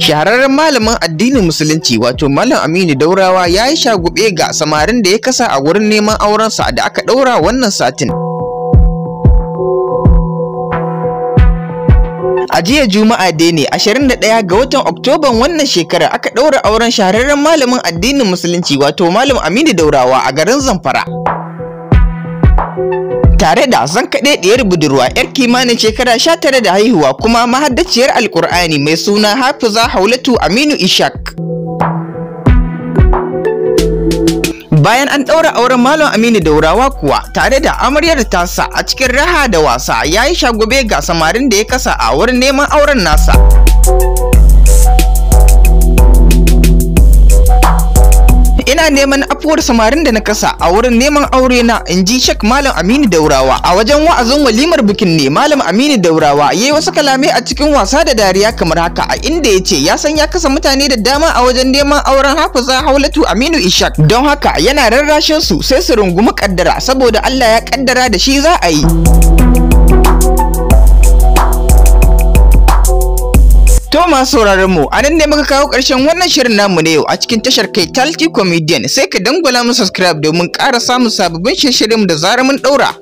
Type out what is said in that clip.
shahararren malamin addinin musulunci wato malam aminu daurawa ya yi shagube ga samarin da ya kasa a wurin neman aurensa da aka ɗaura wannan satin A jiya Juma'a dai ne 21 ga watan Oktoban wannan shekara aka ɗaura auren shahararren malamin addinin Musulunci wato Malam Aminu Daurawa a garin Zamfara. Tare da zan kaɗe ɗiyar budurwa 'yar kimanin shekara sha tare da haihuwa kuma mahaddaciyar Alƙur'ani mai suna Hafiza Haulatu Aminu Ishak. bayan an ɗaura auren malam aminu daurawa kuwa tare da amaryar tasa a cikin raha da wasa ya yi shagobe ga samarin da ya kasa a wurin neman auren nasa ina neman afuwar samarin da na kasa a wurin neman aure na in ji shek malam aminu daurawa a wajen wa'azin walimar bikin ne malam aminu daurawa ya yi wasu kalamai a cikin wasa da dariya kamar haka a inda ya ce ya san ya kasa mutane da dama a wajen neman auren hafiza haulatu aminu ishak don haka yana rarrashin su sai su rungumi kaddara saboda allah ya kaddara da shi za a yi To masu sauraron mu, a nan ne muka kawo ƙarshen wannan shirin namu ne yau a cikin tashar kai Talki Comedian sai ka dangwala mu subscribe domin ƙara samun sababbin shirye-shiryen da zarar mun ɗaura.